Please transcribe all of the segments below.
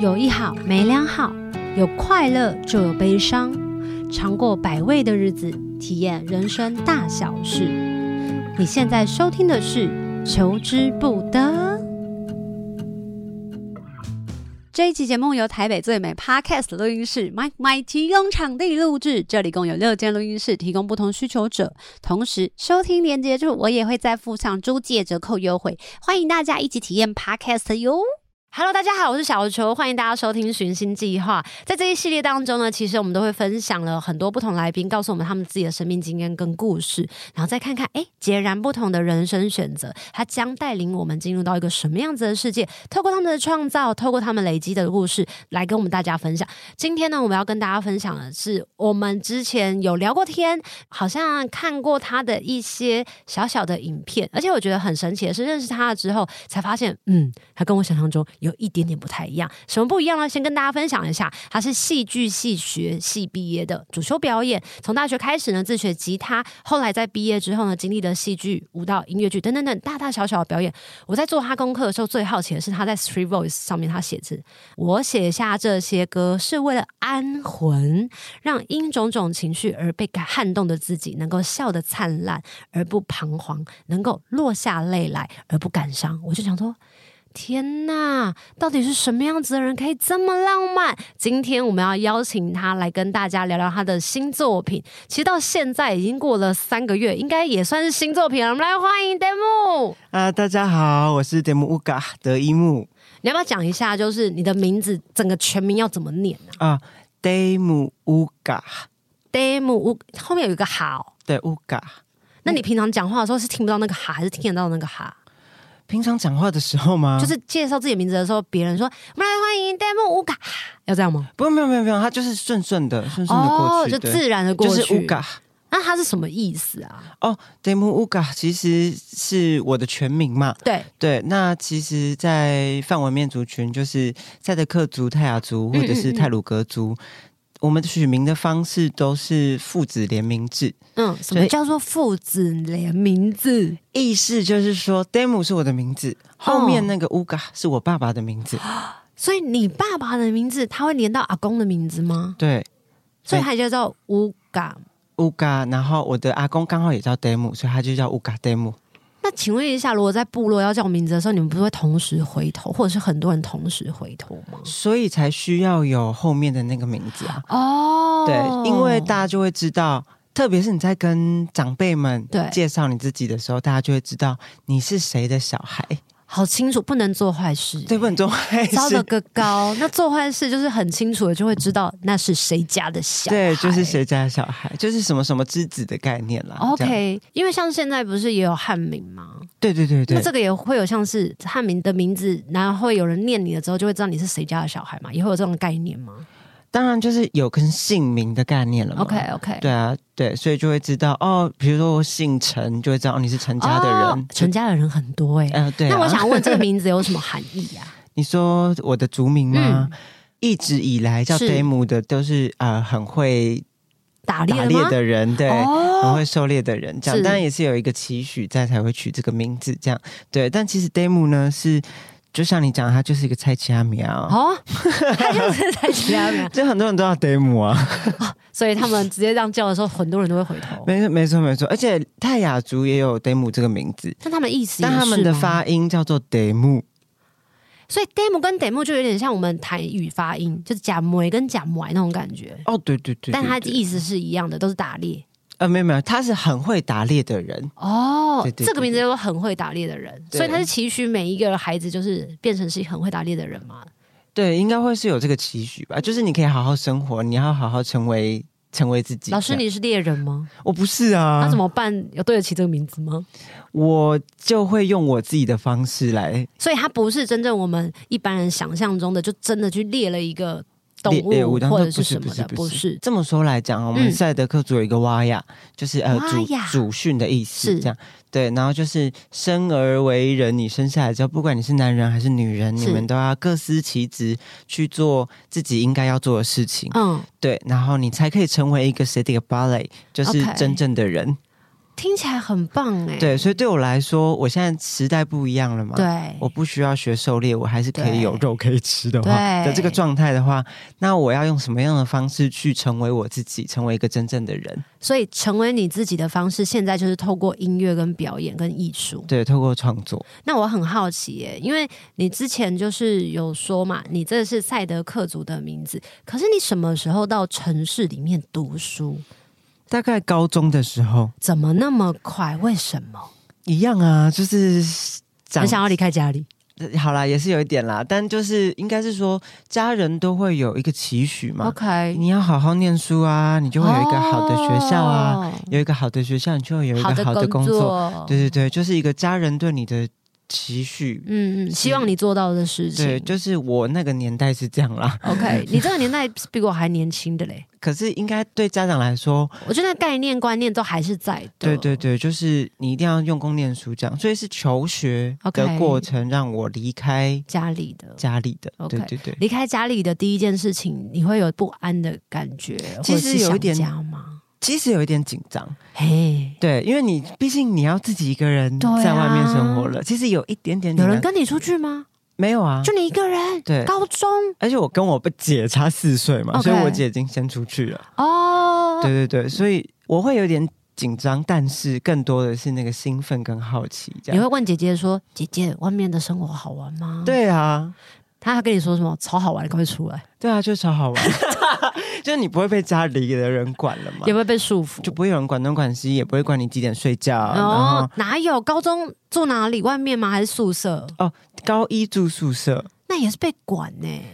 有一好沒兩好，有快樂就有悲傷，嘗過百味的日子，體驗人生大小事。你現在收聽的是《求之不得》。這一集節目由台北最美 Podcast 錄音室 Mike My 提供場地錄製。這裡共有六間錄音室，提供不同需求者。同時，收聽連接處我也會再附上租借折扣優惠，歡迎大家一起體驗 Podcast 喲。Hello，大家好，我是小球，歡迎大家收聽《尋星計劃》。在這一系列當中呢，其實我們都會分享了很多不同來賓，告訴我們他們自己的生命經驗跟故事，然後再看看誒，截然不同的人生選擇，它將帶領我們進入到一個什麼樣子的世界？透過他們的創造，透過他們累積的故事，來跟我們大家分享。今天呢，我們要跟大家分享的是，我們之前有聊過天，好像看過他的一些小小的影片，而且我覺得很神奇的是，認識他了之後，才發現，嗯，他跟我想象中。有一點點不太一樣，什麼不一樣呢？先跟大家分享一下，他是戲劇系學系畢業的，主修表演。從大學開始呢，自學吉他，後來在畢業之後呢，經歷了戲劇、舞蹈、音樂劇等等等等大大小小的表演。我在做他功課的時候，最好奇的是他在 Street Voice 上面他寫字。我寫下這些歌是為了安魂，讓因種種情緒而被撼動的自己能夠笑得燦爛而不彷徨，能夠落下淚來而不感傷。我就想說。天哪，到底是什麼樣子的人可以這麼浪漫？今天我們要邀請他來跟大家聊聊他的新作品。其實到現在已經過了三個月，應該也算是新作品了。我們來歡迎 Teymu 啊！大家好，我是 Teymu Ukah 德伊木。你要不要講一下，就是你的名字整個全名要怎麼念啊、uh, Teymu Ukah，Teymu 後面有一個哈、哦，對 Ukah。a 那你平常講話的時候是聽不到那個哈，還是聽得到那個哈？平常講話的時候嗎？就是介紹自己名字的時候，別人說“我們來歡迎 Teymu Ukah”，要這樣嗎？不，沒有，沒有，沒有，他就是順順的，順順的過去，oh, 就自然的過去。Ukah，那他是什麼意思啊？哦、oh, Teymu Ukah 其實是我的全名嘛。對對，那其實，在泛文面族群，就是塞德克族、泰雅族或者是太魯閣族。 我們取名的方式都是父子聯名制。嗯，什麼叫做父子聯名字？意思就是說，Teymu 是我的名字，後面那個 Ukah 是我爸爸的名字。哦，所以你爸爸的名字他會連到阿公的名字嗎？對，所以，所以他叫做 Ukah。Ukah，然後我的阿公剛好也叫 Teymu，所以他就叫 Ukah Teymu。那請問一下，如果在部落要叫名字的時候，你們不會同時回頭，或者是很多人同時回頭嗎？所以才需要有後面的那個名字啊！哦，對，因為大家就會知道，特別是你在跟長輩們介紹你自己的時候，大家就會知道你是誰的小孩。好清楚，不能做壞事。對，不能做壞事，招的個高。那做壞事就是很清楚的，就會知道那是誰家的小孩。對，就是誰家的小孩，就是什麼什麼之子的概念啦。OK，因為像現在不是也有漢名嗎？對對對對。那這個也會有像是漢名的名字，然後會有人念你了之後，就會知道你是誰家的小孩嘛？也會有這種概念嗎？當然，就是有跟姓名的概念了嘛。OK，OK，okay, okay. 對啊，對，所以就會知道哦，比如說我姓陳，就會知道你是陳家的人。哦、陳家的人很多哎、欸。嗯、呃，對、啊。那我想問，這個名字有什麼含義啊？ 你說我的族名嗎、嗯？一直以來叫 Teymu 的都是啊、呃，很會打獵的人獵，對，很會狩獵的人。哦、這樣，當然也是有一個期許在，才會取這個名字這樣。對，但其實 Teymu 呢是。就像你講，他就是一個菜其阿米啊、哦，哦，他就是菜其阿米，就很多人都叫德姆啊，所以他們直接這樣叫的時候，很多人都會回頭、哦沒。沒錯，沒錯，沒錯，而且泰雅族也有德姆這個名字，但他們的意思是，但他們的發音叫做德姆，所以德姆跟德姆就有點像我們台語發音，就是假模跟假模來那種感覺。哦，對對對，對，但他的意思是一樣的，都是打獵。呃，沒有沒有，他是很會打獵的人哦，對對對對。這個名字叫做很會打獵的人，所以他是期許每一個孩子就是變成是很會打獵的人嘛？對，應該會是有這個期許吧？就是你可以好好生活，你要好好成為成為自己。老師，你是獵人嗎？我不是啊，那怎麼辦？有對得起這個名字嗎？我就會用我自己的方式來。所以，他不是真正我們一般人想象中的，就真的去獵了一個。動物或是當，不是不是不是，不是，不是這麼說來講啊。我們賽德克族有一個瓦呀、嗯，就是呃娃娃祖祖訓的意思，是這樣對。然後就是生而為人，你生下來之後，不管你是男人還是女人，你們都要各司其職，去做自己應該要做的事情。嗯，對，然後你才可以成為一個 Seediq Balay，就是真正的人。Okay 聽起來很棒哎，欸，對，所以對我來說，我現在時代不一樣了嘛，對，我不需要學狩獵，我還是可以有肉可以吃的話，對的這個狀態的話，那我要用什麼樣的方式去成為我自己，成為一個真正的人？所以成為你自己的方式，現在就是透過音樂、跟表演、跟藝術，對，透過創作。那我很好奇耶，欸，因為你之前就是有說嘛，你這是賽德克族的名字，可是你什麼時候到城市裡面讀書？大概高中的時候，怎麼那麼快？為什麼？一樣啊，就是想要離開家裡、呃。好啦，也是有一點啦，但就是應該是說，家人都會有一個期許嘛。OK，你要好好念書啊，你就會有一個好的學校啊，oh、有一個好的學校，你就會有一個好的工作。工作對對對，就是一個家人對你的。期許，嗯嗯，希望你做到的事情，嗯。對，就是我那個年代是這樣啦。OK，你這個年代比我還年輕的嘞。 可是，應該對家長來說，我覺得概念觀念都還是在。對對對，就是你一定要用功念書這樣，所以是求學的過程讓我離開家裡的家裡的。裡的 okay, 對對對，離開家裡的第一件事情，你會有不安的感覺，其實或者是想家嗎？有一點。其實有一點緊張，嘿、hey，對，因為你畢竟你要自己一個人在外面生活了，啊、其實有一點，點點。有人跟你出去嗎？沒有啊，就你一個人。對，對高中，而且我跟我不姐差四歲嘛，okay. 所以我姐已經先出去了。哦、oh，對對對，所以我會有點緊張，但是更多的是那個興奮跟好奇這樣。你會問姐姐說：“姐姐，外面的生活好玩嗎？”對啊。他跟你說什麼超好玩的，快出來？對啊，就超好玩， 就是你不會被家裡的人管了嘛？也不會被束縛，就不會有人管東管西，也不會管你幾點睡覺、啊。哦。哪有高中住哪裡外面嗎？還是宿舍？哦，高一住宿舍，那也是被管呢、欸。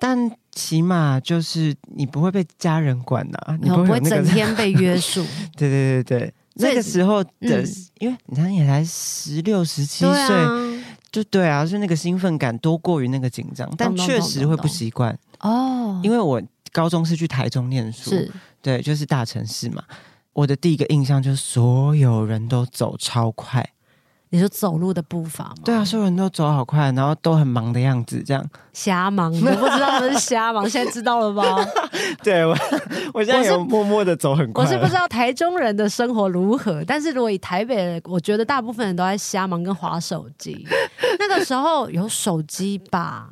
但起碼就是你不會被家人管吶、啊哦，你不會,、哦、不會整天被約束。 對對對對、對，那個時候的，嗯、因為你才也才十六十七歲。就對啊，就那個興奮感多過於那個緊張，但確實會不習慣哦。因為我高中是去台中念書，是對，就是大城市嘛。我的第一個印象就是所有人都走超快。你說走路的步伐嗎？對啊，所有人都走好快，然後都很忙的樣子，這樣瞎忙，我不知道那是，是瞎忙， 現在知道了嗎？ 對，我我現在有默默的走很快我。我是不知道台中人的生活如何，但是如果以台北人，我覺得大部分人都在瞎忙跟滑手機。 那個時候有手機吧？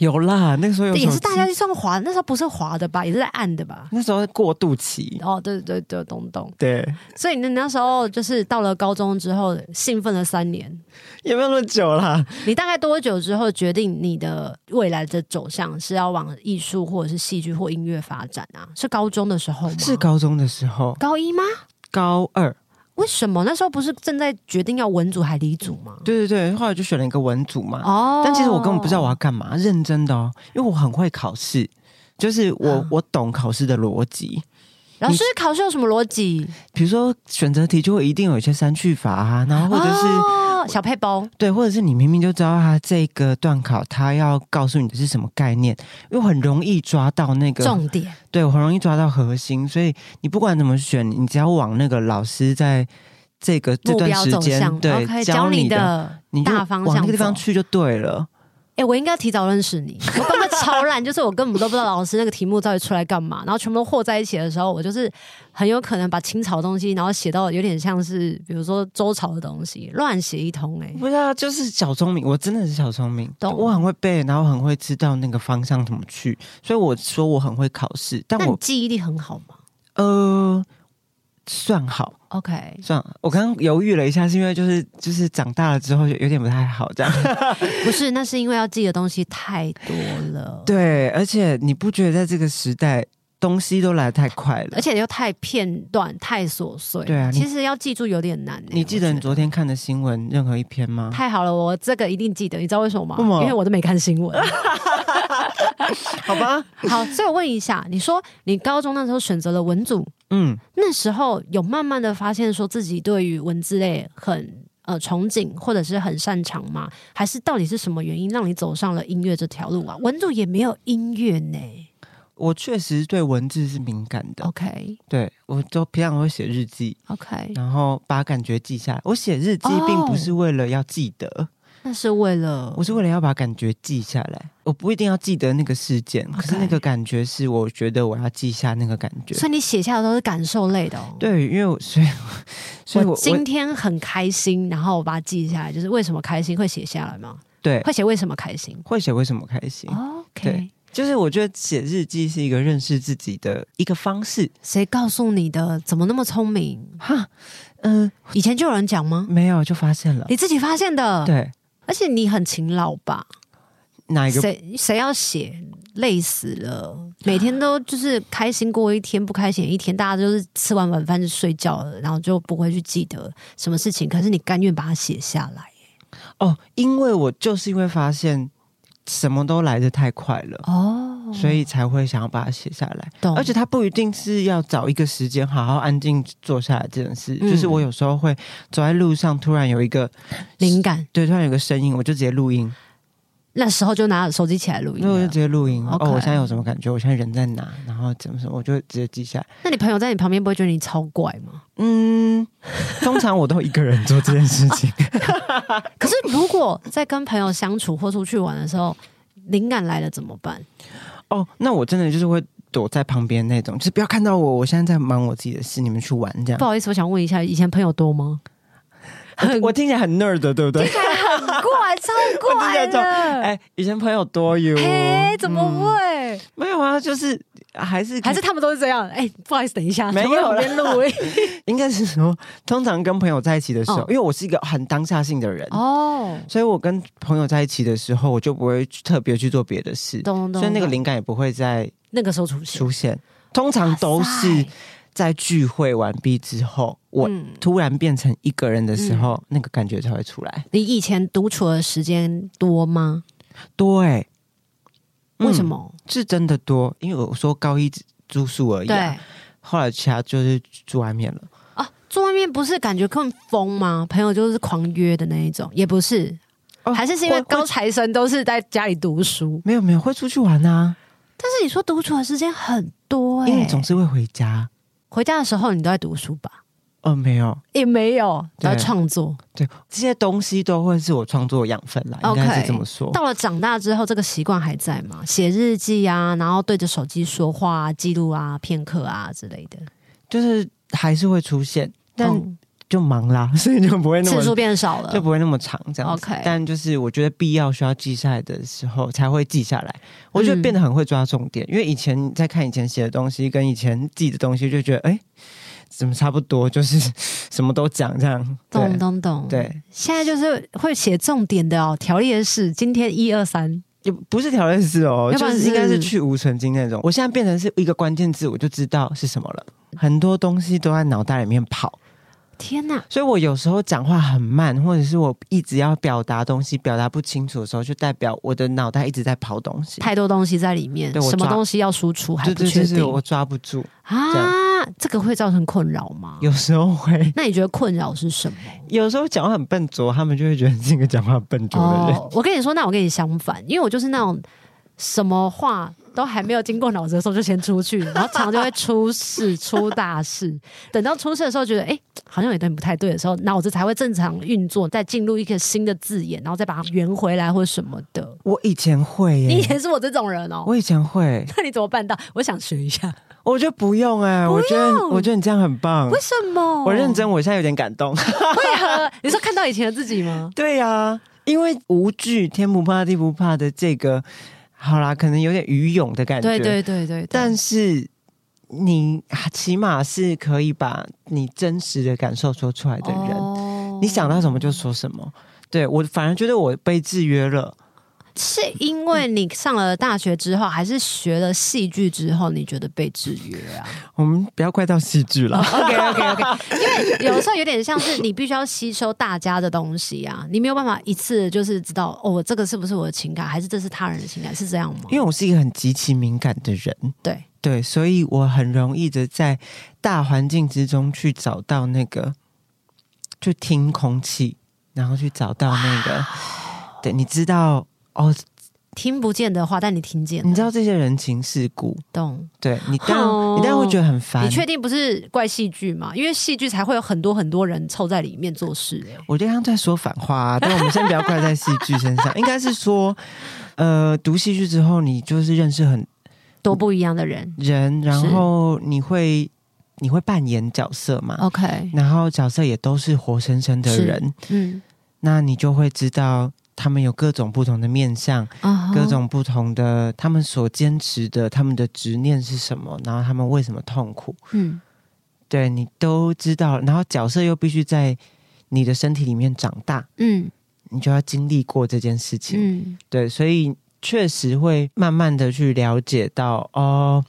有啦，那個時候有。對，也是大家就算滑，那時候不是滑的吧，也是在按的吧？那時候是過渡期。哦，對對對，東東對。所以你那時候就是到了高中之後，興奮了三年，也沒有那麼久啦。啊？你大概多久之後決定你的未來的走向是要往藝術或者是戲劇或音樂發展啊？是高中的時候嗎？是高中的時候，高一嗎？高二。為什麼？那時候不是正在決定要文組還理組嗎？對對對，後來就選了一個文組嘛。哦，但其實我根本不知道我要幹嘛，認真的，哦，因為我很會考試，就是我、嗯、我懂考試的邏輯。老師考試有什麼邏輯？比如說選擇題就會一定有一些刪去法啊，然後或者是、哦、小配包，對，或者是你明明就知道他這個段考他要告訴你的是什麼概念，又很容易抓到那個重點，對，我很容易抓到核心，所以你不管怎麼選，你只要往那個老師在這個這段時間對 okay, 教你的，你的大方向。你就往那個地方去就對了。哎、欸，我應該提早認識你。我根本超爛，就是我根本都不知道老師那個題目到底出來幹嘛，然後全部都和在一起的時候，我就是很有可能把清朝的東西，然後寫到有點像是，比如說周朝的東西，亂寫一通、欸。哎，不是啊，就是小聰明，我真的是小聰明。懂，我很會背，然後很會知道那個方向怎麼去，所以我說我很會考試。但我記憶力很好嗎？呃。算好，OK，算好。我剛剛猶豫了一下，是因為就是就是長大了之後就有點不太好這樣。 不是，那是因為要記的東西太多了。對，而且你不覺得在這個時代東西都來得太快了，而且又太片段、太瑣碎？對啊，其實要記住有點難、欸。你記得你昨天看的新聞任何一篇嗎？太好了，我這個一定記得。你知道為什麼嗎？為什麼？因為我都沒看新聞。 好吧，好，所以我問一下，你說你高中那時候選擇了文組，嗯，那時候有慢慢的發現說自己對於文字類很呃憧憬，或者是很擅長嗎？還是到底是什麼原因讓你走上了音樂這條路啊？文組也沒有音樂呢。我確實對文字是敏感的。OK，對，我都平常會寫日記。OK，然後把感覺記下來。我寫日記並不是為了要記得。Oh 那是為了，我是為了要把感覺記下來，我不一定要記得那個事件，okay，可是那個感覺是我覺得我要記下那個感覺。所以你寫下的都是感受類的？哦，對，因為我所以我所以我，我今天很開心，然後我把它記下來，就是為什麼開心會寫下來嗎？對，會寫為什麼開心，會寫為什麼開心，oh，OK，對，就是我覺得寫日記是一個認識自己的一個方式。誰告訴你的？怎麼那麼聰明？哈，嗯、呃，以前就有人講嗎？沒有，就發現了，你自己發現的，對。而且你很勤勞吧？哪一個？誰誰要寫，累死了？每天都就是開心過一天，不開心一天，大家就是吃完晚飯就睡覺了，然後就不會去記得什麼事情。可是你甘願把它寫下來哦？因為我就是因為發現什麼都來得太快了哦。所以才會想要把它寫下來，而且他不一定是要找一個時間好好安靜坐下來這件事、嗯。就是我有時候會走在路上突，突然有一個靈感，對，突然有個聲音，我就直接錄音。那時候就拿手機起來錄音，那我就直接錄音、okay。哦，我現在有什麼感覺？我現在人在哪？然後怎麼說？我就直接記下來。那你朋友在你旁邊不會覺得你超怪嗎？嗯，通常我都一個人做這件事情。 啊啊、可是如果在跟朋友相處或出去玩的時候，靈感來了怎麼辦？哦、oh，那我真的就是會躲在旁邊那種，就是不要看到我，我現在在忙我自己的事，你們去玩這樣。不好意思，我想問一下，以前朋友多嗎？很， 我聽起來很 nerd，對不對？ 超怪哎、欸，以前朋友多喲。哎，怎麼會、嗯？沒有啊，就是還是還是他們都是這樣。哎、欸，不好意思，等一下，沒有了。努應該是說，通常跟朋友在一起的時候，哦、因為我是一個很當下性的人哦，所以我跟朋友在一起的時候，我就不會特別去做別的事東東東，所以那個靈感也不會在那個時候出現。出現，通常都是。啊在聚會完畢之後，我突然變成一個人的時候，嗯、那個感覺才會出來。你以前獨處的時間多嗎？多哎、嗯，為什麼？是真的多，因為我說高一住宿而已、啊，對。後來其他就是住外面了。啊，住外面不是感覺更瘋嗎？朋友就是狂約的那一種，也不是，啊、還是是因為高材生都是在家裡讀書。沒有沒有，會出去玩啊。但是你說獨處的時間很多、欸，哎，因為總是會回家。回家的時候，你都在讀書吧？哦、呃、沒有、也、欸、沒有在創作。對，這些東西都會是我創作的養分啦。可、okay, 以這麼說，到了長大之後，這個習慣還在嗎？寫日記啊，然後對着手機說話、啊、記錄啊、片刻啊之類的，就是還是會出現，但。嗯就忙啦、啊，所以就不會那麼次數變少了，就不會那麼長這樣子。OK，但就是我覺得必要需要記下來的時候才會記下來。我覺得變得很會抓重點，嗯、因為以前在看以前寫的東西跟以前記的東西，東西就覺得哎、欸，怎麼差不多，就是什麼都講這樣。懂懂懂。對，現在就是會寫重點的哦。條列式今天一二三，就不是條列式哦，要不然是就是應該是去蕪存菁那種。我現在變成是一個關鍵字，我就知道是什麼了。很多東西都在腦袋裡面跑。天吶！所以，我有時候講話很慢，或者是我一直要表達東西，表達不清楚的時候，就代表我的腦袋一直在跑東西，太多東西在裡面，對什麼東西要輸出還不確定，我抓不住啊這！這個會造成困擾嗎？有時候會。那你覺得困擾是什麼？ 有時候講話很笨拙，他們就會覺得你這個講話很笨拙的人、哦。我跟你說，那我跟你相反，因為我就是那種。什麼話都還沒有經過腦子的時候就先出去，然後常常就會出事、 出大事。等到出事的時候，覺得哎、欸，好像有點不太對的時候，腦子才會正常運作，再進入一個新的字眼，然後再把它圓回來或什麼的。我以前會、欸，你以前是我這種人哦、喔。我以前會， 那你怎麼辦到？我想學一下。我覺得不用哎、欸，我覺得我覺得你這樣很棒。為什麼？我認真，我現在有點感動。 為何？你說看到以前的自己嗎？ 對呀、啊，因為無懼天不怕地不怕的這個。好啦，可能有點愚勇的感覺，對對，對對對對。但是你起碼是可以把你真實的感受說出來的人。哦，你想到什麼就說什麼。對，我反而覺得我被制約了。是因為你上了大學之後，還是學了戲劇之後，你覺得被制約啊？我們不要怪到戲劇了。Oh, OK OK OK， 因為有的時候有點像是你必須要吸收大家的東西啊，你沒有辦法一次就是知道哦，這個是不是我的情感，還是這是他人的情感，是這樣嗎？因為我是一個很極其敏感的人，對對，所以我很容易的在大環境之中去找到那個，去聽空氣，然後去找到那個， 對，你知道。哦、oh，聽不見的話，但你聽見。你知道這些人情世故，懂？對你當，但、哦、你當然會覺得很煩。你確定不是怪戲劇嗎？因為戲劇才會有很多很多人湊在裡面做事。我剛剛在說反話、啊。 但我們先不要怪在戲劇身上， 應該是說，呃，讀戲劇之後，你就是認識很多不一樣的人，人。然後你會你會扮演角色嘛？OK。然後角色也都是活生生的人。嗯，那你就會知道。他們有各種不同的面向，Uh-huh. 各種不同的他們所堅持的，他們的執念是什麼？然後他們為什麼痛苦？嗯。對，你都知道。然後角色又必須在你的身體裡面長大，嗯。你就要經歷過這件事情。嗯。對，所以確實會慢慢的去了解到哦。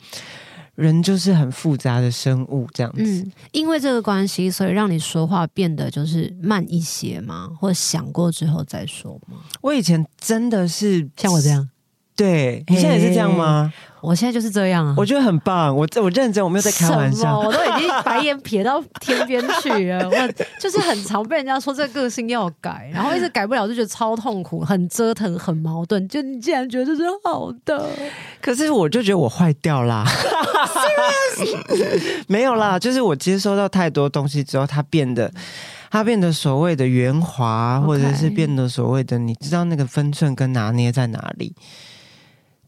人就是很複雜的生物，這樣子。嗯，因為這個關係，所以讓你說話變得就是慢一些嗎？或想過之後再說嗎？我以前真的是像我這樣。對，你現在也是這樣嗎、欸？我現在就是這樣啊，我覺得很棒。我我認真，我沒有在開玩笑，我都已經白眼撇到天邊去了。 我就是很常被人家說這個個性要改，然後一直改不了，就覺得超痛苦，很折騰，很矛盾。就你竟然覺得這是好的，可是我就覺得我壞掉啦。 沒有啦，就是我接收到太多東西之後，它變得它變得所謂的圓滑，或者是變得所謂的你知道那個分寸跟拿捏在哪裡。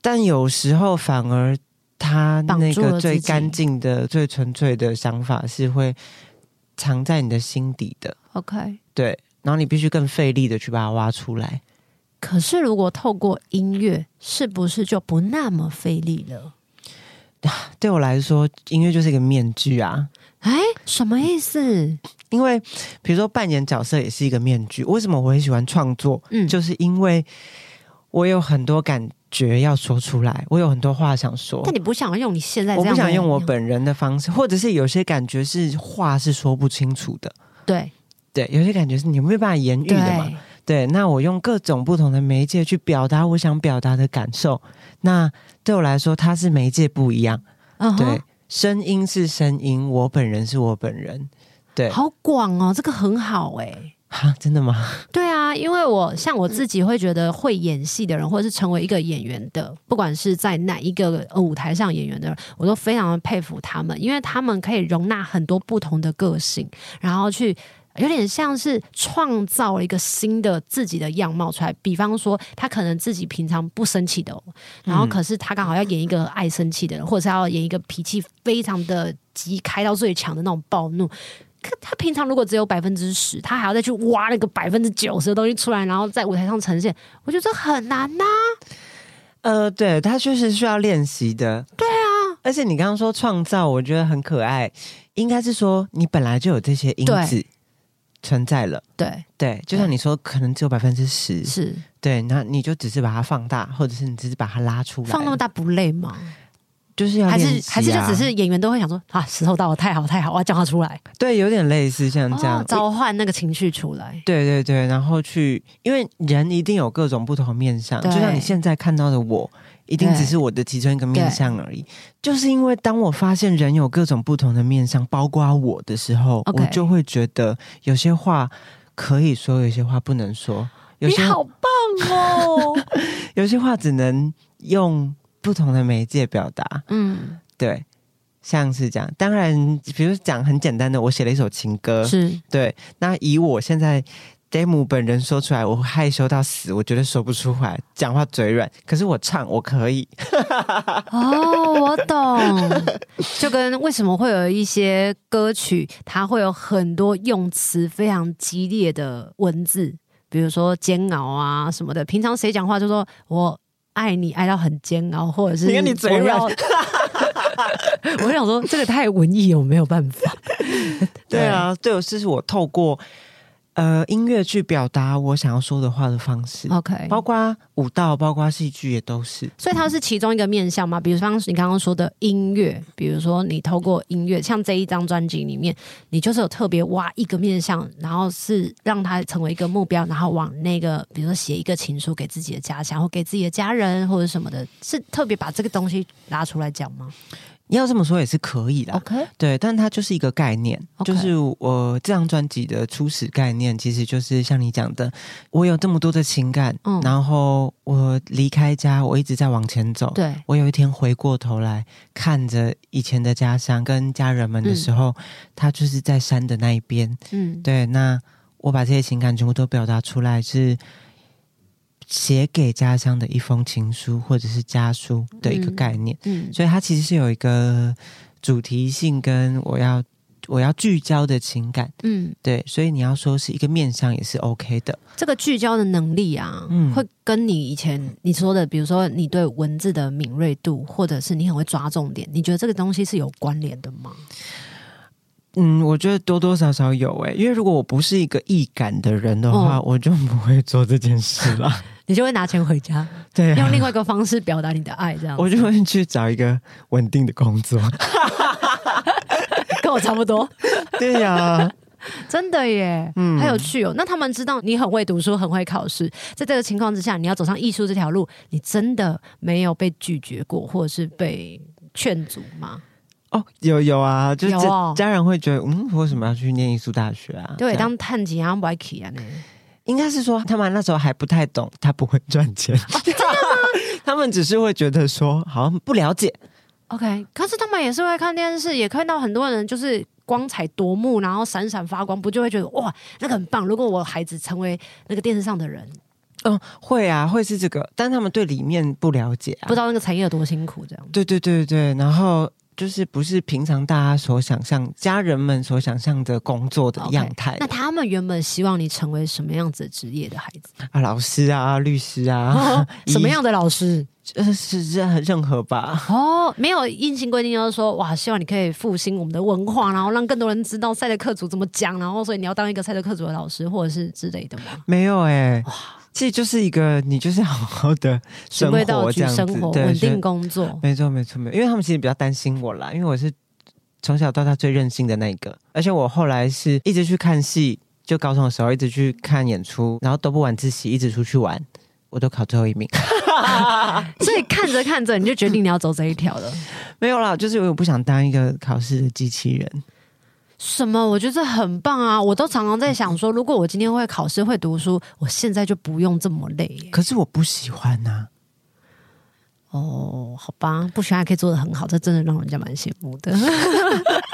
但有時候反而，他那個最乾淨的、最純粹的想法是會藏在你的心底的。OK，對，然後你必須更費力的去把它挖出來。可是，如果透過音樂，是不是就不那麼費力了？對我來說，音樂就是一個面具啊！哎、欸，什麼意思？ 因為比如說扮演角色也是一個面具。為什麼我很喜歡創作？嗯，就是因為我有很多感。覺要說出來，我有很多話想說，但你不想用你現在，我不想用我本人的方式、嗯，或者是有些感覺是話是說不清楚的，對對，有些感覺是你沒有辦法言語的嘛對，對，那我用各種不同的媒介去表達我想表達的感受，那對我來說，它是媒介不一樣，嗯、對，聲音是聲音，我本人是我本人，對，好廣哦、喔，這個很好哎、欸。啊，真的嗎？對啊，因為我像我自己會覺得，會演戲的人，或者是成為一個演員的，不管是在哪一個舞台上演員的人，我都非常的佩服他們，因為他們可以容納很多不同的個性，然後去有點像是創造一個新的自己的樣貌出來。比方說，他可能自己平常不生氣的喔，然後可是他剛好要演一個愛生氣的人，或者是要演一個脾氣非常的急，開到最強的那種暴怒。可他平常如果只有百分之十，他還要再去挖那個百分之九十的東西出來，然後在舞台上呈現，我覺得這很難吶、啊。呃，對，他確實需要練習的。對啊，而且你剛剛說創造，我覺得很可愛，應該是說你本來就有這些因子存在了。對對，就像你說，嗯、可能只有百分之十，是對，那你就只是把它放大，或者是你只是把它拉出來，放那麼大不累嗎？就是要、啊、還是還是就只是演員都會想說啊，時候到了，太好太好，我要叫他出來。對，有點類似像這樣、哦、召喚那個情緒出來。對對對，然後去，因為人一定有各種不同面相，就像你現在看到的我，一定只是我的其中一個面相而已。就是因為當我發現人有各種不同的面相，包括我的時候、okay，我就會覺得有些話可以說，有些話不能說。有些你好棒哦！ 有些話只能用。不同的媒介表達，嗯，對，像是這樣，當然，比如講很簡單的，我寫了一首情歌，是對。那以我現在，Teymu 本人說出來，我害羞到死，我覺得說不出來，講話嘴軟。可是我唱，我可以。 哦，我懂。就跟為什麼會有一些歌曲，它會有很多用詞非常激烈的文字，比如說煎熬啊什麼的。平常誰講話就說我。愛你愛到很煎熬，或者是你跟你嘴軟， 我想說這個太文藝，我沒有辦法， 對啊，對我是是我透過。呃，音樂去表達我想要說的話的方式，OK，包括舞蹈，包括戲劇也都是。所以它是其中一個面向嘛？比如說你剛剛說的音樂，比如說你透過音樂，像這一張專輯裡面，你就是有特別挖一個面向，然後是讓它成為一個目標，然後往那個，比如說寫一個情書給自己的家鄉，或給自己的家人，或者什麼的，是特別把這個東西拿出來講嗎？要這麼說也是可以的，OK，對，但它就是一個概念，okay. 就是我這張專輯的初始概念其實就是像你講的，我有這麼多的情感，嗯，然後我離開家，我一直在往前走，對，我有一天回過頭來看着以前的家鄉跟家人們的時候，嗯，他就是在山的那一邊，嗯，對，那我把這些情感全部都表達出來是。寫給家鄉的一封情書，或者是家書的一個概念。嗯，嗯，所以它其實是有一個主題性跟我要我要聚焦的情感，嗯，對，所以你要說是一個面向也是 OK 的。這個聚焦的能力啊，嗯，會跟你以前你說的，比如說你對文字的敏銳度，或者是你很會抓重點，你覺得這個東西是有關聯的嗎？嗯，我覺得多多少少有哎、欸，因為如果我不是一個易感的人的話、嗯，我就不會做這件事了。你就會拿錢回家，對、啊，用另外一個方式表達你的愛，這樣。我就會去找一個穩定的工作， 跟我差不多對、啊。對呀，真的耶，嗯，很有趣哦、喔。那他們知道你很會讀書，很會考試，在這個情況之下，你要走上藝術這條路，你真的沒有被拒絕過，或是被勸阻嗎？哦，有有啊，就是家人會覺得，哦、嗯，為什麼要去念藝術大學啊？對，當探景啊，然後 K 啊？應該是說他們那時候還不太懂，他不會賺錢、啊， 他們只是會覺得說，好像不了解。OK，可是他們也是會看電視，也看到很多人就是光彩奪目，然後閃閃發光，不就會覺得哇，那個很棒。如果我孩子成為那個電視上的人，嗯，會啊，會是這個，但是他們對裡面不了解、啊，不知道那個產業有多辛苦，這樣。對對對對，然後。就是不是平常大家所想象、家人們所想象的工作的樣態。Okay, 那他們原本希望你成為什麼樣子的職業的孩子？啊，老師啊，律師啊，哦、什麼樣的老師？呃，是任任何吧？哦，沒有硬性規定，就是說，哇，希望你可以復興我們的文化，然後讓更多人知道賽德克族怎麼講，然後所以你要當一個賽德克族的老師，或者是之類的嗎？沒有哎、欸，哇。其實就是一個，你就是好好的生活這樣子，準備到生活，穩定工作，沒錯沒錯沒有，因為他們其實比較擔心我啦，因為我是從小到大最任性的那一個，而且我後來是一直去看戲，就高中的時候一直去看演出，然後都不晚自習，一直出去玩，我都考最後一名。 所以看着看着，你就決定你要走這一條了？ 沒有啦，就是我有不想當一個考試的機器人。什麼？我覺得這很棒啊！我都常常在想說，如果我今天會考試會讀書，我現在就不用這麼累。可是我不喜歡啊。哦，好吧，不喜歡也可以做得很好，這真的讓人家蠻羨慕的。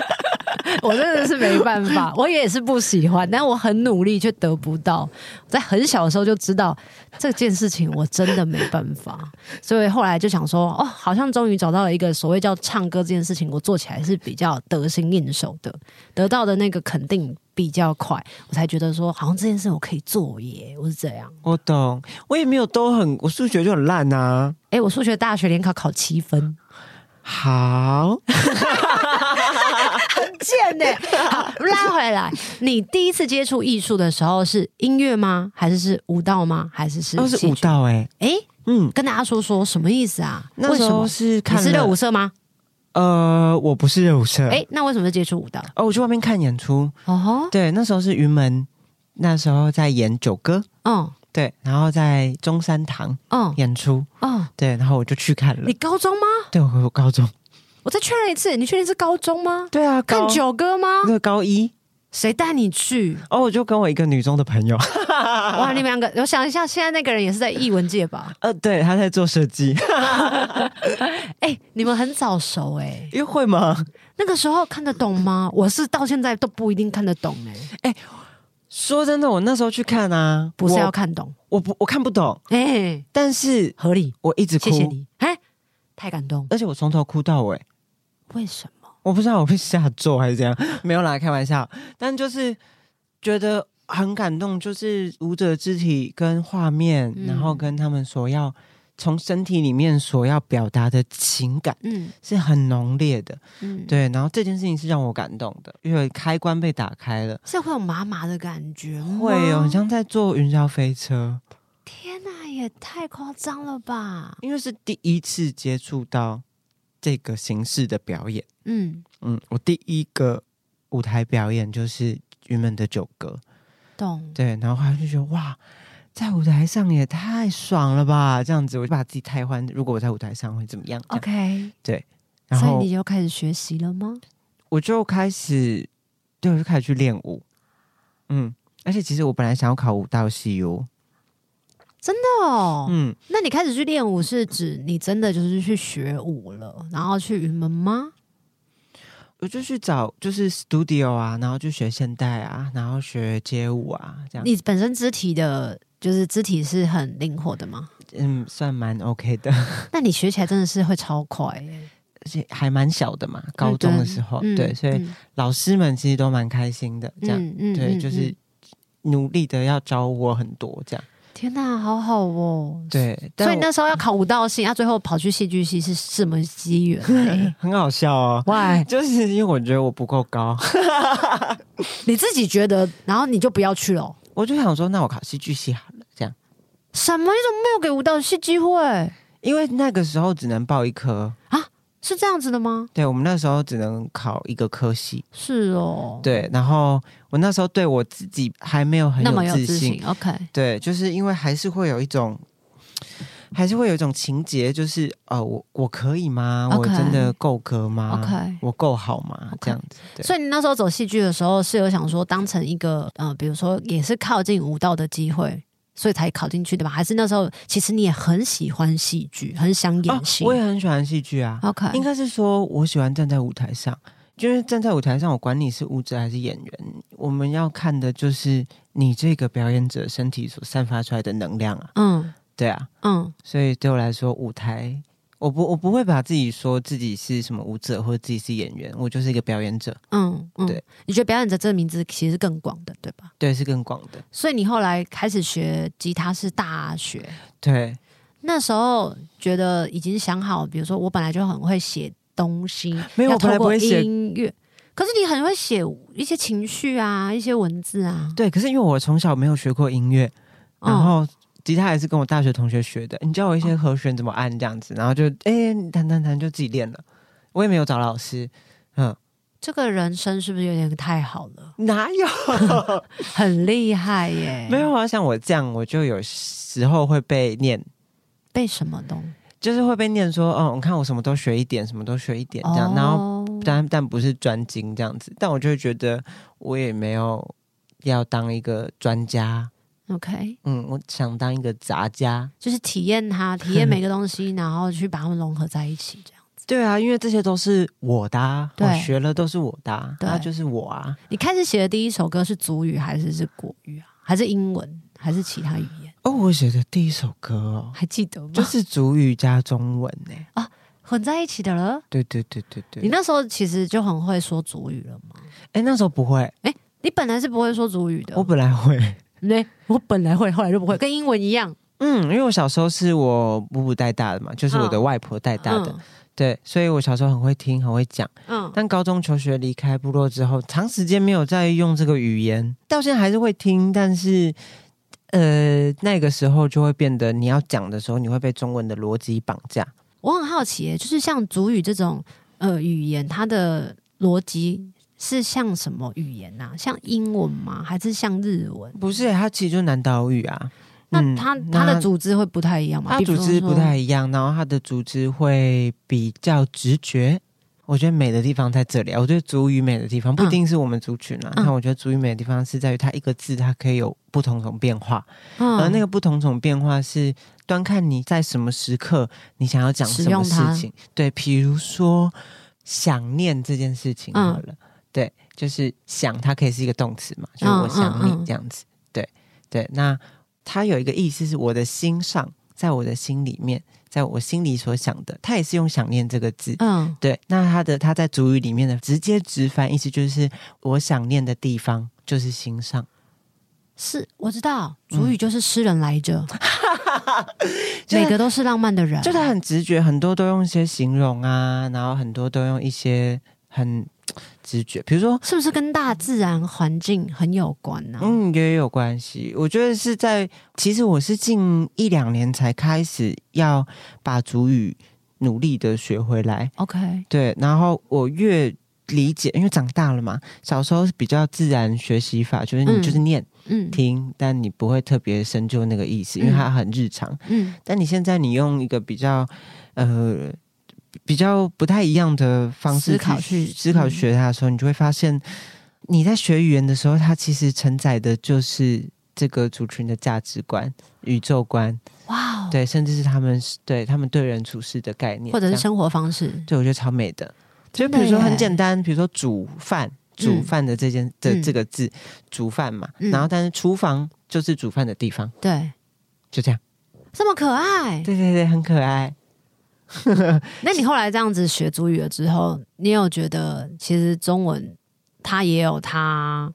我真的是沒辦法，我也是不喜歡，但我很努力卻得不到。在很小的時候就知道這件事情，我真的沒辦法，所以後來就想說，哦，好像終於找到了一個所謂叫唱歌這件事情，我做起來是比較得心應手的，得到的那個肯定比較快，我才覺得說，好像這件事我可以做耶。我是這樣，我懂，我也沒有都很，我數學就很爛啊。哎、欸，我數學大學聯考考七分，好。 見 呢，好，拉回來。你第一次接觸藝術的時候是音樂嗎？還是是舞蹈嗎？還是是？都、哦、是舞蹈哎、欸、哎、欸，嗯，跟大家說說什麼意思啊？那時候是看？你是熱舞社嗎？呃，我不是熱舞社。哎、欸，那為什麼是接觸舞蹈？哦，我去外面看演出。哦、uh -huh、對，那時候是雲門，那時候在演《九歌》uh。嗯 -huh，對，然後在中山堂嗯演出。嗯、uh -huh，對，然後我就去看了。你高中嗎？對，我高中。我再確認一次，你確定是高中嗎？對啊，高看九歌嗎？那個、高一，誰帶你去？哦，我就跟我一個女中的朋友。 哇，你們兩個，我想一下，現在那個人也是在藝文界吧？呃，對，他在做設計。哎、 欸，你們很早熟哎、欸。約會嗎？那個時候看得懂嗎？我是到現在都不一定看得懂哎、欸。哎、欸，說真的，我那時候去看啊，不是要看懂，我，我不我看不懂哎，但是合理，我一直哭，謝謝你哎。太感動，而且我從頭哭到尾。為什麼？我不知道，我被嚇住還是這樣？沒有啦，開玩笑。但就是覺得很感動，就是舞者肢體跟畫面，嗯，然後跟他們所要從身體裡面所要表達的情感，嗯，是很濃烈的，嗯，對。然後這件事情是讓我感動的，因為開關被打開了，現在會有麻麻的感覺嗎？會有，哦，好像在坐雲霄飛車。天哪、啊，也太誇張了吧！因為是第一次接觸到這個形式的表演，嗯嗯，我第一個舞台表演就是《雲門的九歌》，懂？對，然後後來就覺得哇，在舞台上也太爽了吧！這樣子，我就把自己太歡。如果我在舞台上會怎麼樣、樣？OK，對，然後。所以你就開始學習了嗎？我就開始，對，我就開始去練舞。嗯，而且其實我本來想要考舞蹈系哦。真的哦，嗯，那你開始去練舞是指你真的就是去學舞了，然後去雲門嗎？我就去找就是 studio 啊，然後就學現代啊，然後學街舞啊，這樣。你本身肢體的就是肢體是很靈活的嗎？嗯，算蠻 OK 的。 那你學起來真的是會超快、欸，而且還蠻小的嘛，高中的時候、嗯對對嗯，對，所以老師們其實都蠻開心的、嗯，這樣，嗯對嗯，就是努力的要教我很多這樣。天吶，好好哦，對，所以你那時候要考舞蹈系，他、嗯啊、最後跑去戲劇系是什麼機緣、欸？很好笑啊、哦、喂，Why? 就是因為我覺得我不夠高， 你自己覺得，然後你就不要去了。我就想說，那我考戲劇系好了，這樣。什麼？你怎麼沒有給舞蹈系機會？因為那個時候只能報一科啊。是這樣子的嗎？對，我們那時候只能考一個科系。是哦，對。然後我那時候對我自己還沒有很有自信。那麼有自信，OK，對，就是因為還是會有一種，還是會有一種情節，就是呃，我我可以嗎？Okay, 我真的夠格嗎？OK，我夠好嗎？這樣子對。所以你那時候走戲劇的時候，是有想說當成一個呃，比如說也是靠近舞蹈的機會。所以才考進去對吧？還是那時候其實你也很喜歡戲劇，很想演戲，哦。我也很喜歡戲劇啊。可、okay. k 應該是說我喜歡站在舞台上，因、就、為、是、站在舞台上，我管你是舞者還是演員，我們要看的就是你這個表演者身體所散發出來的能量啊。嗯，對啊，嗯，所以對我來說，舞台。我不，我不會把自己說自己是什麼舞者或者自己是演員，我就是一個表演者。嗯，嗯，對，你覺得表演者這個名字其實是更廣的，對吧？對，是更廣的。所以你後來開始學吉他是大學？對，那時候覺得已經想好，比如說我本來就很會寫東西，沒有，過我本來不會寫音樂。可是你很會寫一些情緒啊，一些文字啊。對，可是因為我從小沒有學過音樂，然後。哦吉他也是跟我大學同學學的，你教我一些和弦怎麼按這樣子，哦、然後就哎彈彈彈就自己練了，我也沒有找老師，嗯，這個人生是不是有點太好了？哪有 很厲害耶？沒有啊，像我這樣，我就有時候會被念，被什麼東西？就是會被念說，哦、嗯，我看我什麼都學一點，什麼都學一點這樣，哦、然後但但不是專精這樣子，但我就會覺得我也沒有要當一個專家。OK，嗯，我想當一個雜家，就是體驗它，體驗每個東西呵呵，然後去把它們融合在一起，這樣子。對啊，因為這些都是我的，我學了都是我的，對，他就是我啊。你開始寫的第一首歌是族語還是是國語啊？還是英文還是其他語言？哦，我寫的第一首歌、哦、還記得嗎？就是族語加中文呢。啊，混在一起的了。對對對對對，你那時候其實就很會說族語了嗎？哎、欸，那時候不會。哎、欸，你本來是不會說族語的。我本來會。對，我本來會，後來就不會，跟英文一樣。嗯，因為我小時候是我姑姑帶大的嘛，就是我的外婆帶大的，oh. 對，所以我小時候很會聽，很會講。嗯、oh.，但高中求學離開部落之後，長時間沒有再用這個語言，到現在還是會聽，但是，呃，那個時候就會變得，你要講的時候，你會被中文的邏輯綁架。我很好奇、欸，就是像族語這種呃，語言，它的邏輯。是像什麼語言啊？像英文嗎？還是像日文？不是、欸，它其實就南島語啊。那它、它、嗯、的組織會不太一樣嗎？它組織不太一樣，然後它的組織會比較直覺、嗯。我覺得美的地方在這裡、啊。我覺得族語美的地方不一定是我們族群啊。那、嗯、我覺得族語美的地方是在於它一個字，它可以有不同種變化。而、嗯呃、那個不同種變化是端看你在什麼時刻，你想要講什麼事情。對，比如說想念這件事情好了。嗯對，就是想，它可以是一個動詞嘛，就是、我想你這樣子。嗯嗯嗯、對，對，那他有一個意思，是我的心上，在我的心裡面，在我心裡所想的，他也是用想念這個字。嗯，對。那他的他在族語裡面的直接直翻意思就是，我想念的地方就是心上。是我知道、嗯，族語就是詩人來着、 就是，每個都是浪漫的人，就是很直覺，很多都用一些形容啊，然後很多都用一些很。直覺，比如說，是不是跟大自然環境很有關呢？啊？嗯，也有關係。我覺得是在，其實我是近一兩年才開始要把族語努力的學回來。OK，對。然後我越理解，因為長大了嘛，小時候是比較自然學習法，就是你就是念、嗯聽，但你不會特別深究那個意思，嗯，因為它很日常。嗯，但你現在你用一個比較呃。比較不太一樣的方式思考，去思考去學它的時候，嗯、你就會發現，你在學語言的時候，它其實承載的就是這個族群的價值觀、宇宙觀。哇、哦，對，甚至是他們對他們對人處事的概念，或者是生活方式。對，我覺得超美的。就比如說很簡單，比如說煮飯，煮飯的這件的這個字“嗯、煮飯”嘛，然後但是廚房就是煮飯的地方。對、嗯，就這樣，這麼可愛。對對對，很可愛。 那你後來這樣子學族語了之後，你有覺得其實中文它也有它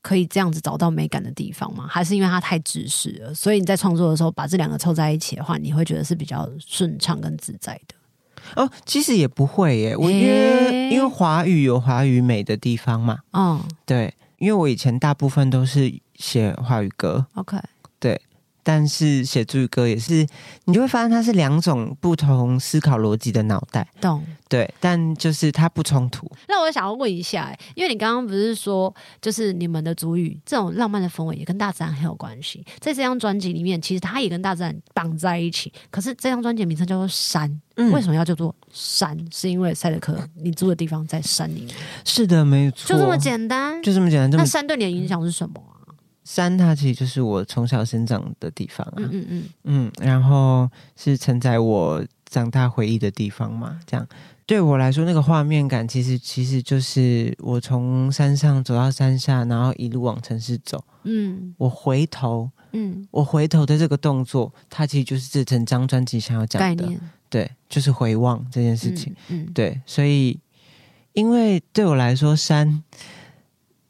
可以這樣子找到美感的地方嗎？還是因為它太直視了，所以你在創作的時候把這兩個湊在一起的話，你會覺得是比較順暢跟自在的？哦，其實也不會耶，我、欸、因為因為華語有華語美的地方嘛，嗯，對，因為我以前大部分都是寫華語歌，OK。但是寫族語歌也是，你就會發現它是兩種不同思考邏輯的腦袋，懂對？但就是它不衝突。那我想要問一下，哎，因為你剛剛不是說，就是你們的族語這種浪漫的氛圍也跟大自然很有關係，在這張專輯裡面，其實它也跟大自然綁在一起。可是這張專輯的名稱叫做《山》，嗯，為什麼要叫做《山》？是因為賽德克你住的地方在山裡面。是的，沒錯，就這麼簡單，就這麼簡單。那山對你的影響是什麼？山，它其實就是我從小生長的地方啊，嗯嗯嗯，嗯，然後是承載我長大回憶的地方嘛。這樣對我來說，那個畫面感，其實其實就是我從山上走到山下，然後一路往城市走。嗯，我回頭，嗯，我回頭的這個動作，它其實就是這整張專輯想要講的，對，就是回望這件事情。嗯嗯，對，所以因為對我來說，山。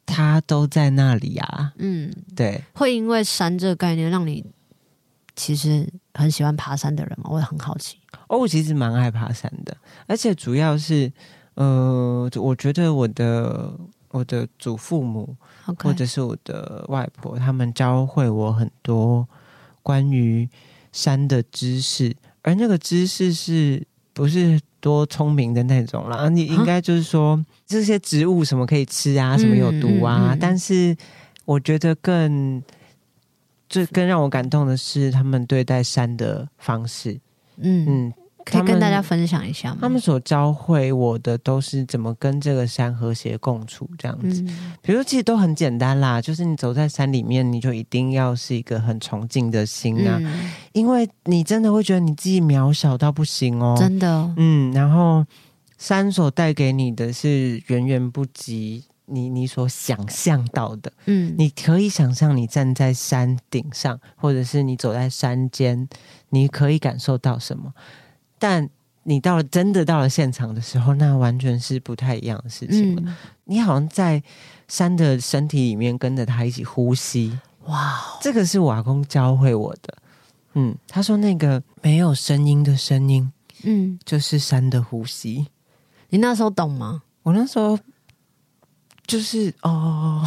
他都在那裡呀，啊，嗯，對，會因為山這個概念讓你其實很喜歡爬山的人嗎？我也很好奇。哦，我其實蠻愛爬山的，而且主要是，呃，我覺得我的我的祖父母，Okay，或者是我的外婆，他們教會我很多關於山的知識，而那個知識是。不是多聰明的那種啦，你應該就是說，這些植物什麼可以吃啊，什麼有毒啊。嗯嗯嗯。但是我覺得更，最更讓我感動的是他們對待山的方式。嗯嗯。可以跟大家分享一下嗎？他們所教會我的都是怎麼跟這個山和諧共處這樣子。嗯。比如其實都很簡單啦，就是你走在山裡面，你就一定要是一個很崇敬的心啊，嗯。因為你真的會覺得你自己渺小到不行哦、喔。真的。嗯，然後山所帶給你的是遠遠不及你你所想象到的。嗯，你可以想象你站在山頂上，或者是你走在山間，你可以感受到什麼？但你到了真的到了現場的時候，那完全是不太一樣的事情了。嗯、你好像在山的身體裡面跟着他一起呼吸，哇、哦！這個是我阿公教會我的。嗯，他說那個沒有聲音的聲音，嗯，就是山的呼吸。你那時候懂嗎？我那時候就是哦，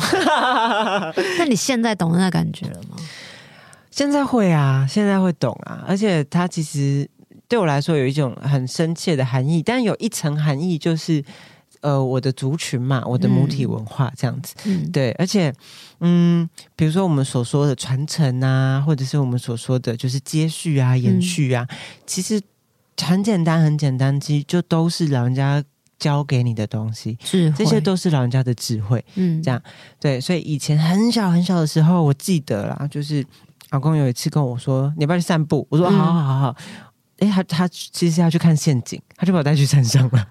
那你現在懂那感覺了嗎？現在會啊，現在會懂啊，而且他其實。對我來說，有一種很深切的含義，但有一層含義就是，呃，我的族群嘛，我的母體文化這樣子、嗯，對，而且，嗯，比如說我們所說的傳承啊，或者是我們所說的就是接續啊、延續啊，嗯、其實很簡單，很簡單，其實就都是老人家教給你的東西，是這些都是老人家的智慧，嗯，這樣對，所以以前很小很小的時候，我記得啦，就是阿公有一次跟我說，你要不要去散步？我說，嗯、好好好好。哎、欸，他他其實要去看陷阱，他就把我帶去山上了。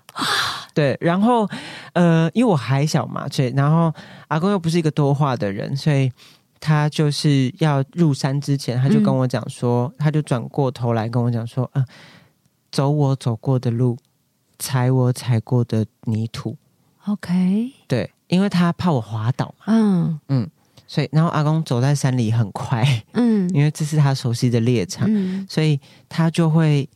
對，然後呃，因為我還小嘛，所以然後阿公又不是一個多話的人，所以他就是要入山之前，他就跟我講說、嗯，他就轉過頭來跟我講說，嗯、呃，走我走過的路，踩我踩過的泥土。OK，對，因為他怕我滑倒嘛。嗯嗯。所以，然後阿公走在山裡很快，嗯，因為這是他熟悉的獵場，嗯，所以他就會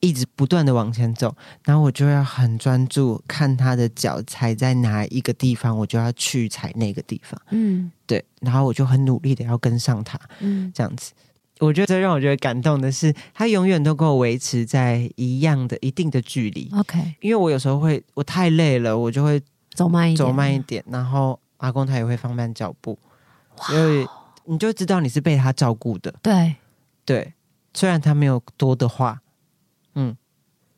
一直不斷的往前走。然後我就要很專注看他的腳踩在哪一個地方，我就要去踩那個地方，嗯，對。然後我就很努力的要跟上他，嗯，這樣子。我覺得最讓我覺得感動的是，他永遠都跟我維持在一樣的一定的距離，OK。因為我有時候會，我太累了，我就會走慢一點，啊，走慢一點，然後阿公他也會放慢腳步。所、wow, 以你就知道你是被他照顧的，對對。雖然他沒有多的話，嗯，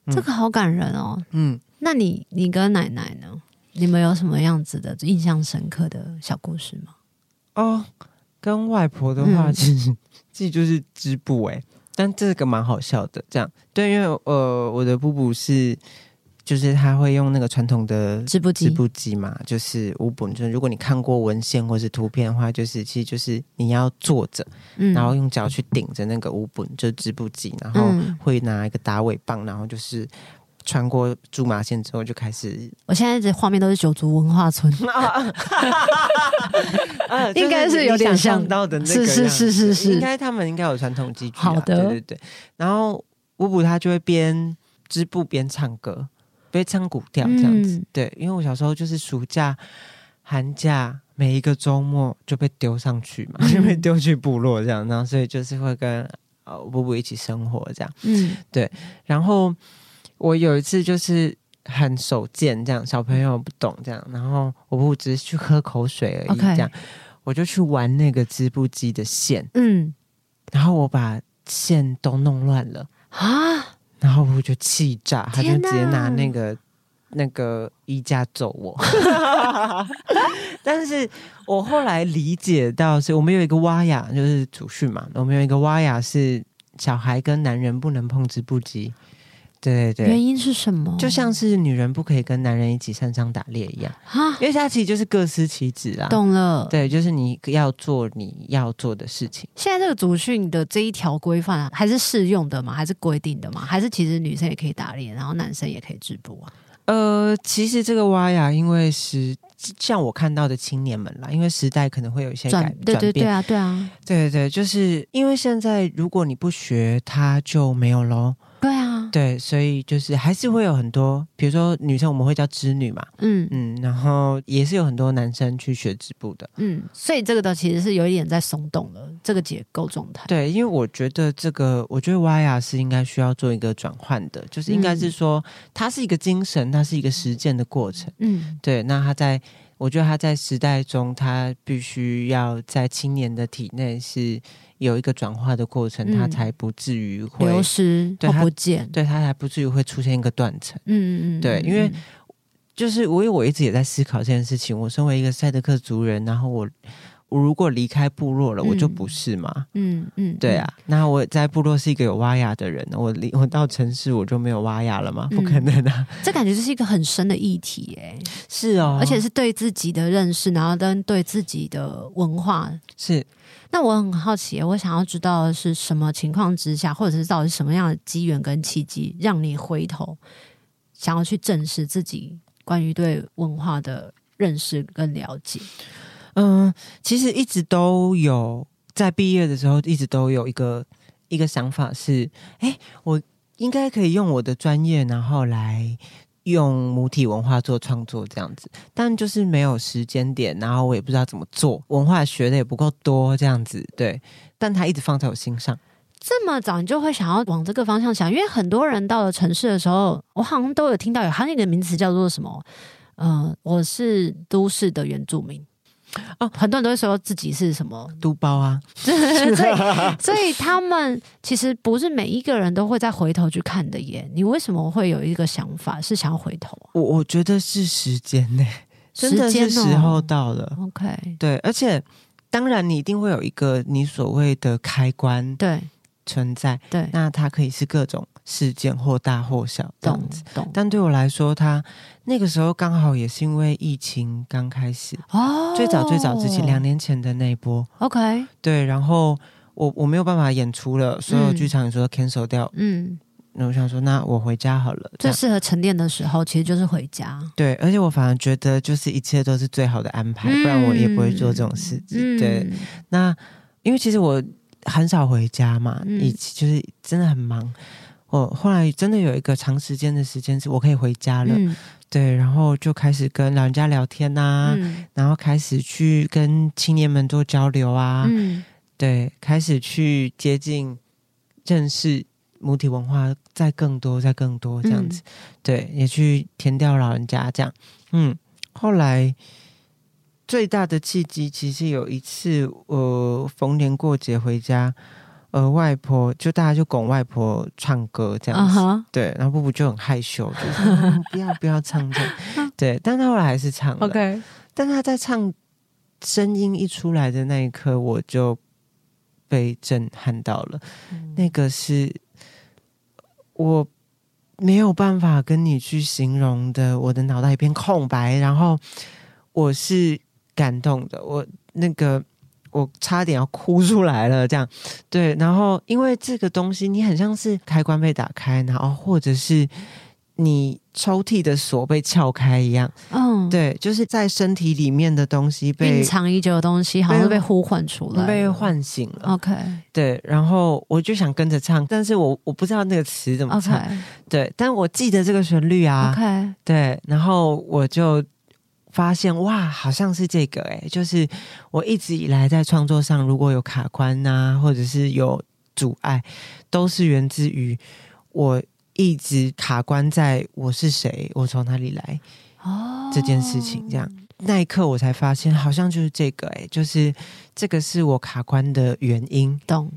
嗯，這個好感人哦。嗯，那你你跟奶奶呢？你們有什麼樣子的印象深刻的小故事嗎？哦，跟外婆的話，其實、嗯、自己就是織布哎、欸，但這個蠻好笑的。這樣，對，因為呃，我的布布是。就是他會用那個傳統的織布機嘛，織布機就是五本，就是如果你看過文獻或是圖片的話，就是其實就是你要坐着、嗯，然後用腳去頂着那個五本，就織布機，然後會拿一個打尾棒，嗯、然後就是穿過苧麻線之後就開始。我現在這畫面都是九族文化村， 嗯就是、應該是有點想到的，是是是是是，應該他們應該有傳統機具、啊。好的，對對對。然後五本他就會邊織布邊唱歌。被唱古調這樣子、嗯，對，因為我小時候就是暑假、寒假每一個周末就被丟上去嘛，就被丟去部落這樣、嗯，然後所以就是會跟呃布布一起生活這樣，嗯，對，然後我有一次就是很手賤這樣，小朋友不懂這樣，然後我布布只是去喝口水而已，這樣、嗯、我就去玩那個織布機的線，嗯，然後我把線都弄亂了啊。然後我就氣炸，他就直接拿那個那個衣架揍我。 但是我後來理解到，是我們有一個蛙呀，就是祖訓嘛。我們有一個蛙呀是小孩跟男人不能碰織布機。對對對，原因是什麼？就像是女人不可以跟男人一起擅長打獵一樣，哈，因為它其實就是各司其職啊。懂了，對，就是你要做你要做的事情。現在這個祖訓的這一條規範還是適用的嗎？還是規定的嗎？還是其實女生也可以打獵，然後男生也可以織布啊？呃，其實這個瓦呀啊，因為是像我看到的青年們啦，因為時代可能會有一些轉轉變啊，對啊，對對對，就是因為現在如果你不學，它就沒有嘍。對，所以就是還是會有很多，比如說女生，我們會叫織女嘛，嗯嗯，然後也是有很多男生去學織布的，嗯，所以這個倒其實是有一點在松動了這個結構狀態。對，因為我覺得這個，我覺得 YR 是應該需要做一個轉換的，就是應該是說、嗯、它是一個精神，它是一個實踐的過程，嗯，對，那它在，我覺得它在時代中，它必須要在青年的體內是，有一個轉化的過程，它、嗯、才不至於會流失，對，它不見，對，它才不，對，它才不至於會出現一個斷層。嗯嗯嗯，對，因為嗯嗯就是，因為我一直也在思考這件事情。我身為一個賽德克族人，然後我。我如果離開部落了，嗯、我就不是嘛？嗯嗯，對啊。那我在部落是一個有挖牙的人，我離我到城市，我就沒有挖牙了嗎、嗯？不可能啊！這感覺就是一個很深的議題，耶，是哦，而且是對自己的認識，然後跟對自己的文化是。那我很好奇，我想要知道的是什麼情況之下，或者是到底什麼樣的機緣跟契機，讓你回頭想要去正視自己關於對文化的認識跟了解。嗯，其實一直都有，在畢業的時候，一直都有一個一個想法是，哎，我應該可以用我的專業，然後來用母體文化做創作這樣子。但就是沒有時間點，然後我也不知道怎麼做，文化學的也不夠多這樣子。對，但他一直放在我心上。這麼早你就會想要往這個方向想？因為很多人到了城市的時候，我好像都有聽到有他那個名詞叫做什麼？嗯、呃，我是都市的原住民。哦，很多人都會說自己是什麼都包啊，。 是啊， 所以所以他們其實不是每一個人都會再回頭去看的耶。你為什麼會有一個想法是想要回頭？啊？我我覺得是時間呢、時間欸喔，真的是時候到了。OK，對，而且當然你一定會有一個你所謂的開關，對存在對，那它可以是各種。事件或大或小這樣子，子。但對我來說，他那個時候剛好也是因為疫情剛開始、哦，最早最早之前兩、哦、年前的那一波。OK，對。然後我我沒有辦法演出了，所有劇場也說 cancel 掉。嗯，那我想說，那我回家好了。嗯、最適合沉澱的時候，其實就是回家。對，而且我反而覺得，就是一切都是最好的安排，嗯、不然我也不會做這種事情、嗯。對，那因為其實我很少回家嘛，以、嗯、及就是真的很忙。我、哦、後來真的有一個長時間的時間是我可以回家了、嗯，對，然後就開始跟老人家聊天吶、啊嗯，然後開始去跟青年們做交流啊、嗯，對，開始去接近、正式母體文化，再更多，再更多這樣子、嗯，對，也去填掉老人家這樣，嗯，後來最大的契機其實有一次，我逢年過節回家。呃，外婆就大家就拱外婆唱歌這樣子，uh -huh. 對，然後布布就很害羞，就 是不要不要唱這， 對，但他後來還是唱了。Okay. 但他在唱聲音一出來的那一刻，我就被震撼到了。嗯、那個是我沒有辦法跟你去形容的，我的腦袋一片空白，然後我是感動的，我那個。我差點要哭出來了，這樣對，然後因為這個東西，你很像是開關被打開，然後或者是你抽屜的鎖被撬開一樣，嗯，對，就是在身體裡面的東西被隱藏已久的東西，好像是被呼喚出來了被，被喚醒了。OK，對，然後我就想跟着唱，但是我我不知道那個詞怎麼唱，OK，對，但我記得這個旋律啊，OK，對，然後我就。發現哇，好像是這個哎、欸，就是我一直以來在創作上如果有卡關吶、啊，或者是有阻礙，都是源自於我一直卡關在我是誰，我從哪裡來這件事情。這樣、哦、那一刻我才發現，好像就是這個哎、欸，就是這個是我卡關的原因。懂。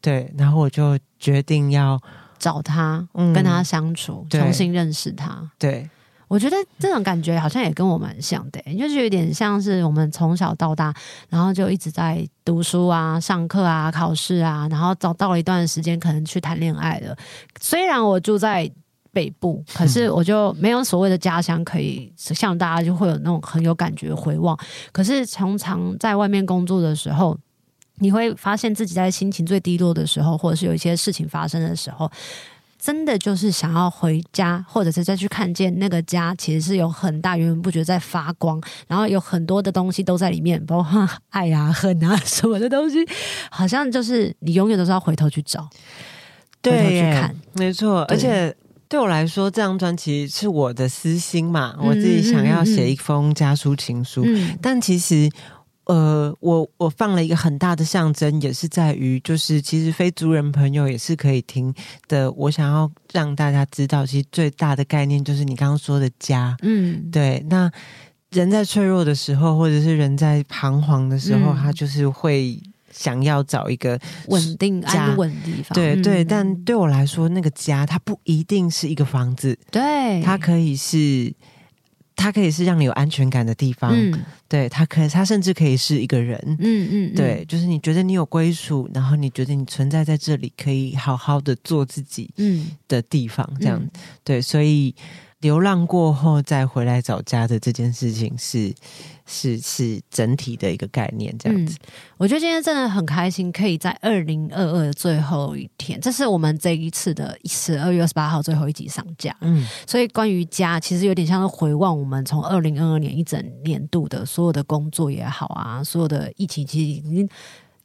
對，然後我就決定要找他、嗯，跟他相處，重新認識他。對。我覺得這種感覺好像也跟我蠻像的，欸，就是有點像是我們從小到大，然後就一直在讀書啊、上課啊、考試啊，然後找到了一段時間，可能去談戀愛了。雖然我住在北部，可是我就沒有所謂的家鄉可以，像大家就會有那種很有感覺回望。可是常常在外面工作的時候，你會發現自己在心情最低落的時候，或者是有一些事情發生的時候，真的就是想要回家，或者是再去看見那個家，其實是有很大源源不絕在發光，然後有很多的東西都在裡面，包括愛呀、啊、恨啊什麼的東西，好像就是你永遠都是要回頭去找，對，回頭去看，沒錯。而且對我來說，這張專輯是我的私心嘛，我自己想要寫一封家書情書，嗯嗯嗯嗯、但其實。呃，我我放了一個很大的象徵，也是在於，就是其實非族人朋友也是可以聽的。我想要讓大家知道，其實最大的概念就是你剛剛說的家，嗯，對。那人在脆弱的時候，或者是人在彷徨的時候，嗯、他就是會想要找一個家穩定安穩地方。對對、嗯，但對我來說，那個家它不一定是一個房子，對，它可以是。它可以是讓你有安全感的地方，嗯、對它可以它甚至可以是一個人，嗯嗯，對，就是你覺得你有歸屬，然後你覺得你存在在這裡，可以好好的做自己，的地方、嗯、這樣、嗯，對，所以。流浪過後再回來找家的這件事情是，是是，是整體的一個概念這樣子，嗯。我覺得今天真的很開心，可以在二零二二的最後一天，這是我們這一次的十二月二十八號最後一集上架。嗯，所以關於家，其實有點像是回望我們從二零二二年一整年度的所有的工作也好啊，所有的疫情其實已經。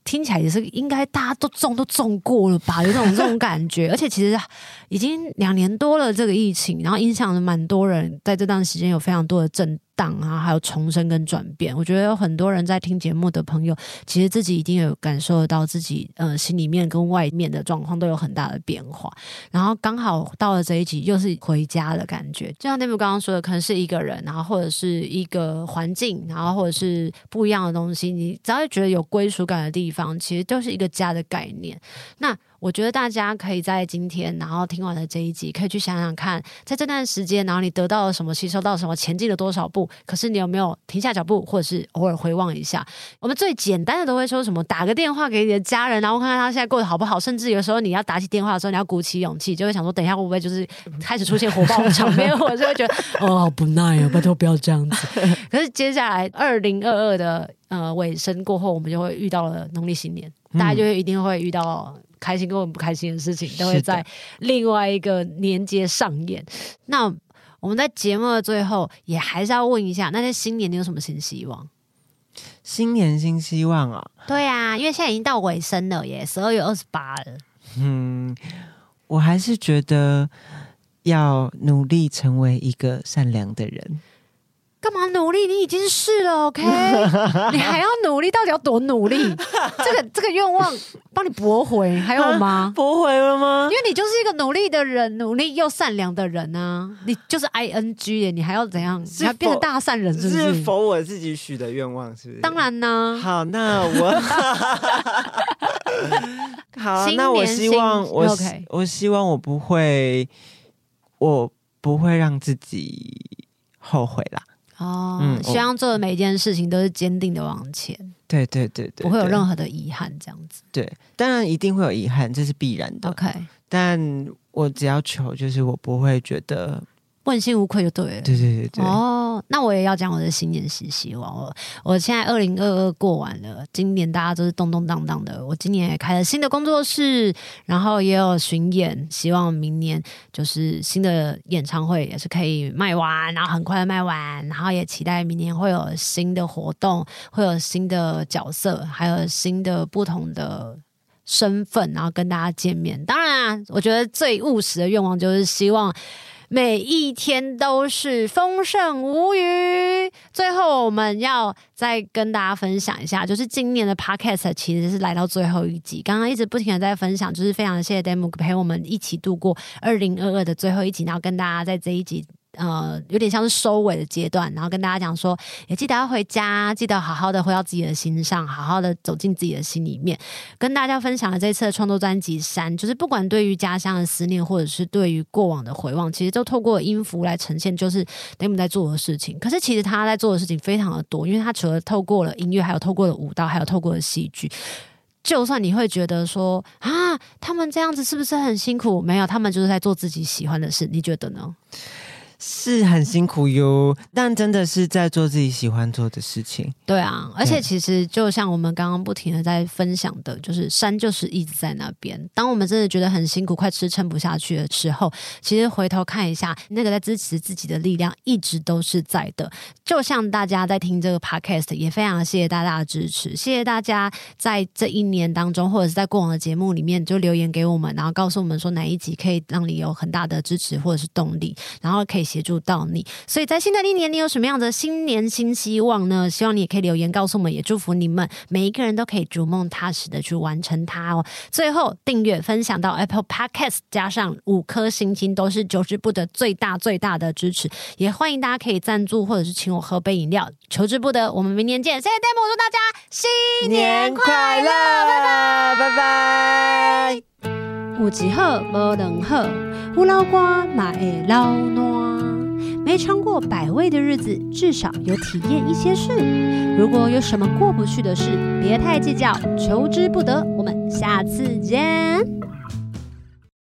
聽起來也是應該大家都中都中過了吧，有這種這種感覺， 而且其實、啊、已經兩年多了這個疫情，然後影響了蠻多人，在這段時間有非常多的症。檔啊，還有重生跟轉變，我覺得有很多人在聽節目的朋友，其實自己一定有感受得到自己，呃，心裡面跟外面的狀況都有很大的變化。然後剛好到了這一集，又是回家的感覺，就像那邊剛剛說的，可能是一個人，然後或者是一個環境，然後或者是不一樣的東西，你只要覺得有歸屬感的地方，其實就是一個家的概念。那。我覺得大家可以在今天，然後聽完了這一集，可以去想想看，在這段時間，然後你得到了什麼，吸收到什麼，前進了多少步？可是你有沒有停下腳步，或者是偶爾回望一下？我們最簡單的都會說什麼？打個電話給你的家人，然後看看他現在過得好不好？甚至有時候你要打起電話的時候，你要鼓起勇氣，就會想說：等一下會不會就是開始出現火爆的場面？ 我就會覺得哦，好不耐啊、哦！拜托不要這樣子。可是接下來二零二二的呃尾聲過後，我們就會遇到了農曆新年，嗯、大家就一定會遇到。開心跟我們不開心的事情都會在另外一個年節上演。那我們在節目的最後也還是要問一下，那些新年你有什麼新希望？新年新希望啊！對啊，因為現在已經到尾聲了耶，十二月二十八了。嗯，我還是覺得要努力成為一個善良的人。幹嘛努力？你已經是了，OK？你還要努力？到底要多努力？這個這個願望幫你駁回。還有嗎？駁回了嗎？因為你就是一個努力的人，努力又善良的人啊！你就是 ING 耶你還要怎樣？要變成大善人是不是？否，是否我自己許的願望是不是？當然呢、啊。好，那我 好、啊新年新，那我希望我，okay. 我希望我不會，我不會讓自己後悔啦。哦、嗯，希望做的每一件事情都是堅定的往前，對，對對對對，不會有任何的遺憾這樣子。對，當然一定會有遺憾，這是必然的。OK，但我只要求就是我不會覺得。問心無愧就對了。對對對對。哦、oh，那我也要講我的新年新希望。我現在二零二二過完了，今年大家都是動動蕩蕩的。我今年也開了新的工作室，然後也有巡演，希望明年就是新的演唱會也是可以賣完，然後很快賣完，然後也期待明年會有新的活動，會有新的角色，還有新的不同的身份，然後跟大家見面。當然、啊，我覺得最務實的願望就是希望。每一天都是豐盛無餘。最後，我們要再跟大家分享一下，就是今年的 podcast 其實是來到最後一集。剛剛一直不停的在分享，就是非常謝謝 Teymu 陪我們一起度過二零二二的最後一集，然後跟大家在這一集，呃，有點像是收尾的階段，然後跟大家講說，也記得要回家，記得好好的回到自己的心上，好好的走進自己的心裡面，跟大家分享了這次的創作專輯《山》，就是不管對於家鄉的思念，或者是對於過往的回望，其實都透過音符來呈現，就是他們在做的事情。可是其實他在做的事情非常的多，因為他除了透過了音樂，還有透過了舞蹈，還有透過了戲劇。就算你會覺得說啊，他們這樣子是不是很辛苦？沒有，他們就是在做自己喜歡的事。你覺得呢？是很辛苦喲， 但真的是在做自己喜歡做的事情。對啊對，而且其實就像我們剛剛不停的在分享的，就是山就是一直在那邊。當我們真的覺得很辛苦，快支撐不下去的時候，其實回頭看一下，那個在支持自己的力量一直都是在的。就像大家在聽這個 podcast，也非常謝謝大家的支持。謝謝大家在這一年當中，或者是在過往的節目裡面就留言給我們，然後告訴我們說哪一集可以讓你有很大的支持或者是動力，然後可以協助到你，所以在新的一年，你有什麼樣的新年新希望呢？希望你也可以留言告訴我們，也祝福你們每一個人都可以逐夢踏實的去完成它哦。最後，訂閱分享到 Apple Podcast，加上五顆星星，都是求之不得最大最大的支持。也歡迎大家可以贊助或者是請我喝杯飲料，求之不得。我們明年見，謝謝 Teymu，我祝大家新年快樂，拜拜拜拜。拜拜有幾好，不能喝；烏老瓜買老糯。沒嘗過百味的日子，至少有體驗一些事。如果有什麼過不去的事，別太計較，求之不得。我們下次見。